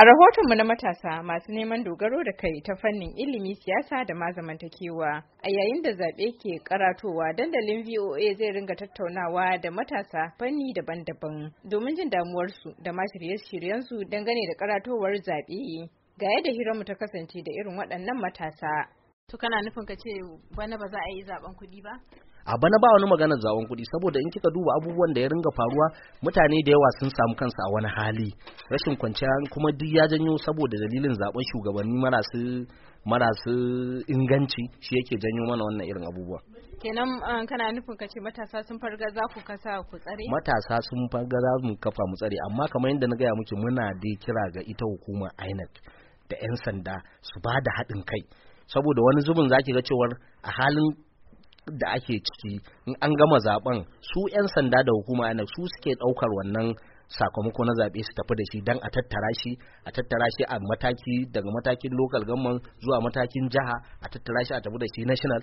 A rahotonmu na matasa masu neman dogaro da kai ta fannin ilimi siyasa da ma zamantakewa a yayin da zaɓe ke karatowa dandalin VOA zai ringa tattaunawa da matasa fanni daban-daban domin jin damuwarsu da ma shirye-shiryensu dangane da karatowar zaɓe. Ga yadda mu ta kasance da irin waɗannan matasa. to kana nufin ka ce bana ba za a yi zaben kuɗi ba a bana ba wani magana zaben kuɗi saboda in kika duba abubuwan da ya ringa faruwa mutane da yawa sun samu kansu a wani hali rashin kwanciya kuma duk ya janyo saboda dalilin zaben shugabanni marasu marasu inganci shi yake janyo mana wannan irin abubuwa kenan eh, kana nufin ka ce matasa sun farga za ku kasa ku tsare matasa sun farga za mu kafa mu tsare amma kamar yadda na gaya muke muna da kira ga ita hukumar INEC da 'yan sanda su ba da haɗin kai saboda wani zubin ki ga cewar a halin da ake ciki in an gama zaben su 'yan sanda da hukuma na su suke daukar wannan sakamako na zaɓe su tafi da shi don a tattara shi a tattara shi a mataki daga matakin local government zuwa matakin jiha a tattara shi a tafi da shi national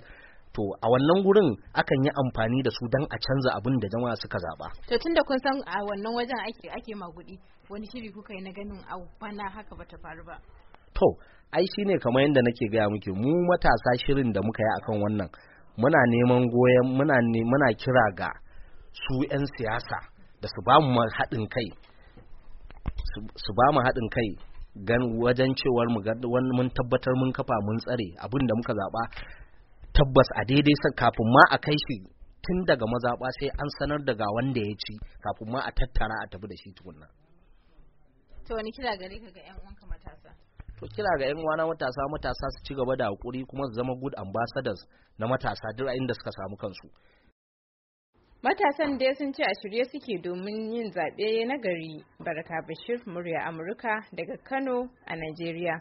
to a wannan gurin akan yi amfani da su don a canza abin da jama'a suka zaba to tunda kun san a wannan wajen ake ake magudi wani shiri kuka yi na ganin a bana haka bata faru ba to ai shi ne kamar yadda nake gaya muke mu matasa shirin da muka yi akan wannan muna neman goyon muna muna kira ga su 'yan siyasa da su ba mu haɗin kai su ba mu haɗin kai gan wajen cewar mu mun tabbatar mun kafa mun tsare abin da muka zaɓa tabbas a daidai sa kafin ma a kai shi tun daga mazaɓa sai an sanar daga wanda ya ci kafin ma a tattara a tafi da shi tukunna. To wani kira gare ka ga 'yan uwanka matasa? to kira ga yan uwana matasa matasa su ci gaba da hakuri kuma su zama good ambassadors na matasa duk a inda suka samu kansu matasan dai sun ce a shirye suke domin yin zaɓe na gari barka bashir murya amurka daga kano a nigeria.